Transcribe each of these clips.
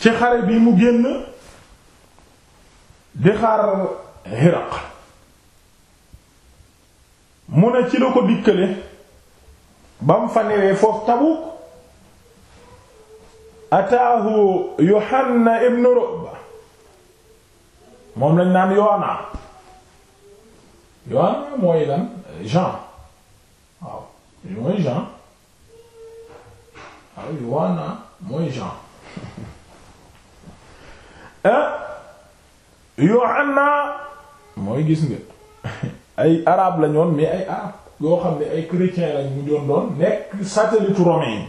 ci xare bi mu génn di xaar Hiraq mu ne ci la ko dikkale ba mu fa newee foofu Tabuk ataahu Yohanna ibn Ru'ba moom lañ naan Yohanna Yohanna mooy lan Jean waaw mooy Jean waaw mooy Jean Ah, Yohanna mooy gis nga ay arabe la ñoon ay arabe yoo xam ne ay chrétien lañ mu doon doon nekk satellite romain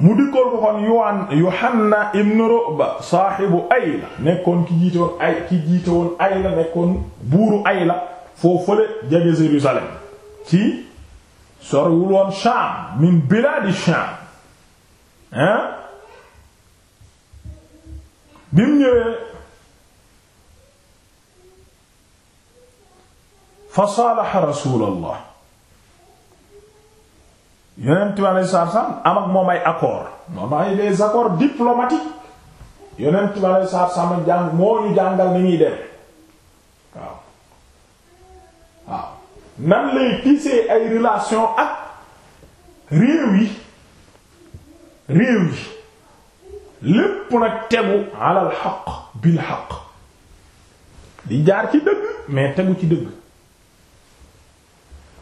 mu dikkoon ko kon Yohan Yohanna ibn Ru'ba saaxibu Ayla nekkoon ki jiite woon ay la jiite woon nekkoon buuru Ayla foo fële jege Jérusalem ci soriwul woon Sham min bilaadi Sham hein bi mu ñëwee fa saalaxa rasuulallah yonent am ak moom ay accord moom ay des accords diplomatiques yonent moo ñu jàngal ni ñuy dem waaw waaw nan lay tisser ay relation ak réew yi réew yi lépp nag tegu alal xaq bil xaq di jaar ci dëgg mais tegu ci dëgg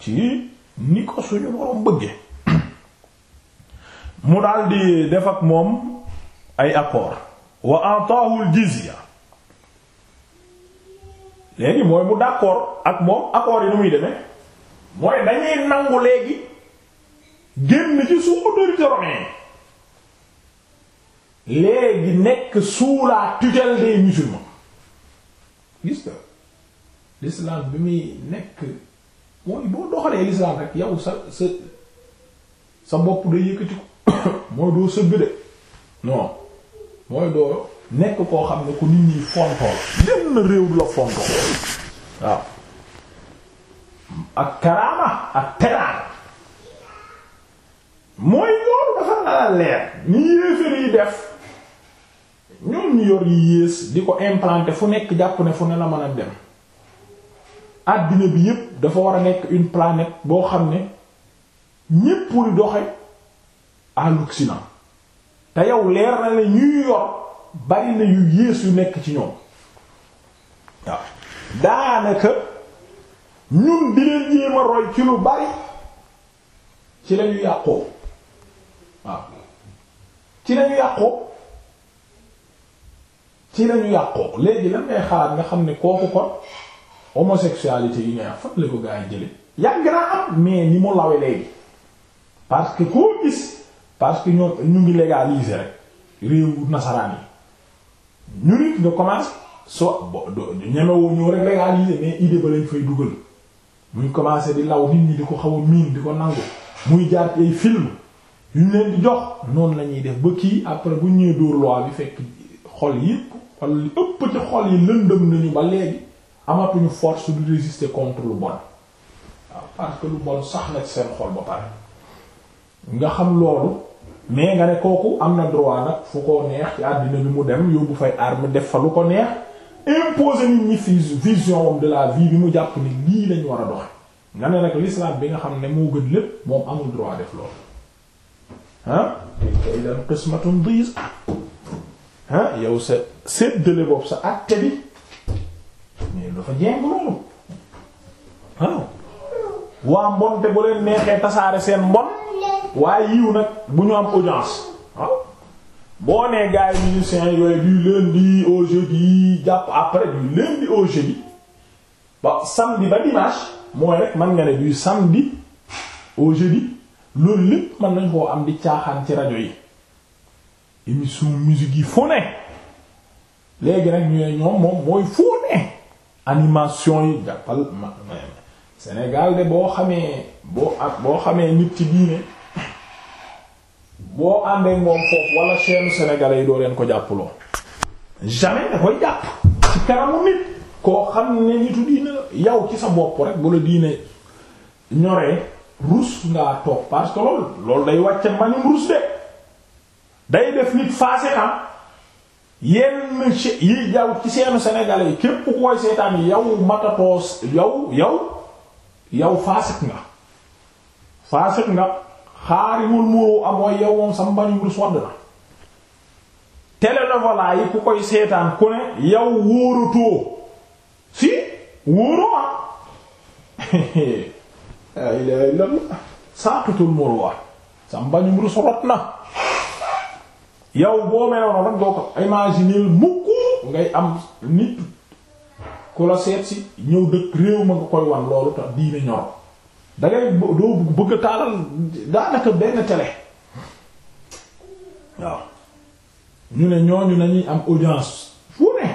ci ni ko suñu borom bëggee mu daldi di def ak moom ay accord wa ataahu al jizya léegi mooy mu d'accord ak moom accord yi nu muy demee mooy dañuy nangu léegi génn ci su autorité romaine léegi nekk sous la tutelle des musulmans gis nga l'islam bi muy nekk mooy boo doxalee l'islam rek yow sa sa sa bopp day yëkkati ko mooy doo sëgg de non mooy doo nekk koo xam ne ko nit ñi fontoo la benn réew du la fontoo waaw ak karaama ak teraanga mooy loolu dafa la leer ni yéefar yi def ñoom ñu yor yi yées di ko implanter fu nekk jàpp ne fu ne la mën a dem àddina bi yépp dafa war a nekk une planet boo xam ne ñépp pour doxe à l'occident te yow leer na ne ñuy yor bari yu yées yu nekk ci ñoom waaw daanaka ñun di leen jéem a roy ci lu bari ci lañu yàqoo waaw ci lañu yàqoo ci lañu yàqoo léegi lan ngay xalaat nga xam ne kooku kon homosexualité yi ngay fan la ko gaa yi jële yàgg naa am mais ni mu lawe léegi parce que koo gis parce que ñoom ñu ngi légaliser rek réewu nasaraan yi ñu nit nga commence so ñemewoo ñëw rek légaliser mais idée ba lañ fay dugal buñ commencé di law nit ñi di ko xaw a miin di ko nangu muy jaar ci ay film yu ñu leen jox noonu la ñuy def ba kii après bu ñëwee dóor loi bi fekk xol yépp xol li ëpp ci xol yi lëndëm nañu ba léegi amatuñu force du résister contre lu bon waaw parce que lu bon sax na ci seen xol ba pare nga xam loolu mais nga ne kooku am na droit nag fu ko neex ci àddina bi mu dem yóbbu fay arme def fa lu ko neex imposer nit ñi fi vision de la vie bi mu jàpp ni lii lañ war a doxe nga ne nag l'islam bi nga xam ne moo gën lépp moom amul droit def loolu ah. tey kay lan qismatun diis ah yow set séddale boobu sa àtte bi mais dafa jéng loolu waaw waa mbon bu leen neexee tasaare seen mbon waaye yiw nag bu ñu am audience boo nee gars yi musiciens yooyu du lundi au jeudi jàpp après du lundi au jeudi ba samedi ba dimanche mooy rek man nga ne du samedi au jeudi loolu lépp mën nañ koo am di caaxaan ci rajo yi émission musique yi fu ne léegi nag ñu ne ñoom moom mooy foo ne animation yi jàppal ma Sénégal de boo xamee boo ak boo xamee nit ci diine boo àndee moom foofu wala chaîne sénégalais yi doo leen ko jàppaloo jamais da koy jàpp ci kanamu nit koo xam ne nitu diine yow ci sa bopp rek bu la diine ñoree rus ngaa toog parce loolu day wàcce manum rus de day def nit faase am yenn che yi jaww ci seenu sénégalais yi képp koy seetaan yow matatoo yow yow yow faasik nga faasik nga xaarimul muru am mooy yow sa mbañum rus wadd na télénovela yi ku koy seetaan ku ne yow wóoratoo si wóoroo ah ay la ilaha illallah saatutul muru ah sa mbañum rus rot na yow boo meloon nag doo ko imaginer mukk ngay am nit ku la seet si ñëw dëkk réew ma nga koy wan loolu tax diine ñor da doo bëgg a taalal daanaka benn télé waaw ñu ne ñooñu nañuy am audience fu ne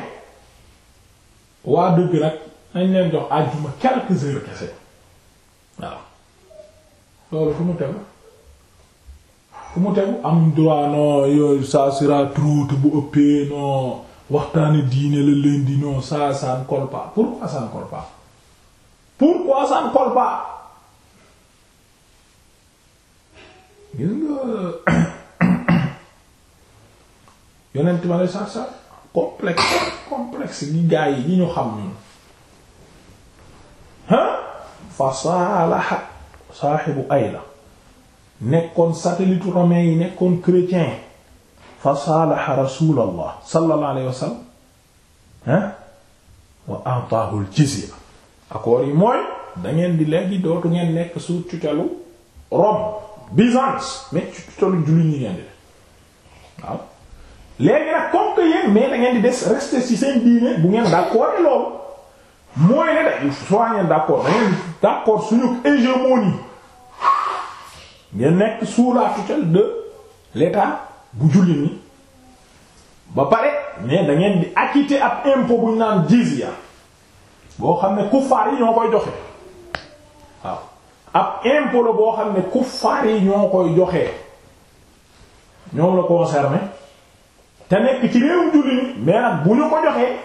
waa dëgg nag nañ leen jox àjjuma quelques heures kese waaw loolu fu mu tegu. fu mu tegu am droit non yooyu ça sera bu ëppee non waxtaane diine la leen di non ça ça ne colle pas pourquoi ça ne colle pas yonent ma lay sax sax gi gaa yi ñu xam ñun ha fa saalaha saaxibu ayla nekkoon satellite romain yi nekkoon chrétien fa saalaha rasulallah sallallahu alayhi wa sallam ah wa ataahu al-jizya accord yi mooy da ngeen di léegi dootu ngeen nekk sous tutelle Rome Byzance mais ci tutelle jullit ngeen di def waaw léegi nag comme que yéen mais da di des rester ci seen diine bu ngeen d'accord loolu mooy ne da soo ngeen d'accord da ngeen d'accord suñu hégémonie ngeen nekk sous la tutelle de bu jullit ñi ba pare mais da di acquitter ab impôt bu ñu naan jizya boo xam ne kuffaar yi ñoo koy joxe waaw ab impôt la boo xam ne kuffaar yi ñoo koy joxe ñoom la concerné te nekk ci réewum jullit ñi mais nag bu ñu ko joxee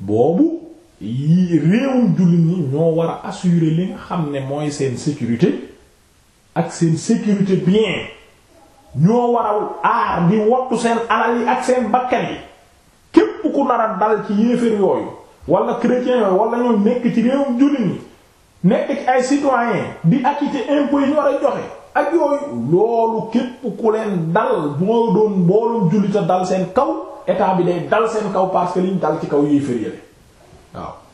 boobu yi réewum jullit ñi ñoo war a assurer li nga xam ne mooy seen sécurité. ak seen sécurité bien ñoo waral aar di wattu seen alal yi ak seen bakkan yi képp ku nar a dal ci yéeféer yooyu wala chrétiens yooyu wala ñoo nekk ci réewum jullit ñi nekk ci ay citoyen di acquitter impôts yi ñu war a joxe ak yooyu loolu képp ku leen dal boo doon mboolum jullit a dal seen kaw état bi day dal seen kaw parce que liñ dal ci kaw yéeféer yële waaw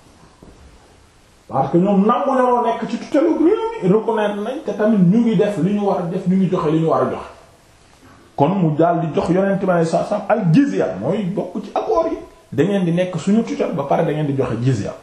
parce que ñoom nangu ñoo nekk ci tutelle réew mi nañ te tamit ñu ngi def li ñu war a def ñu ngi joxe li ñu war a joxe kon mu daal di jox yonent ma ne sa sam al jizya mooy bokk ci accord yi da ngeen di nekk suñu tutelle ba pare da ngeen di joxe jizya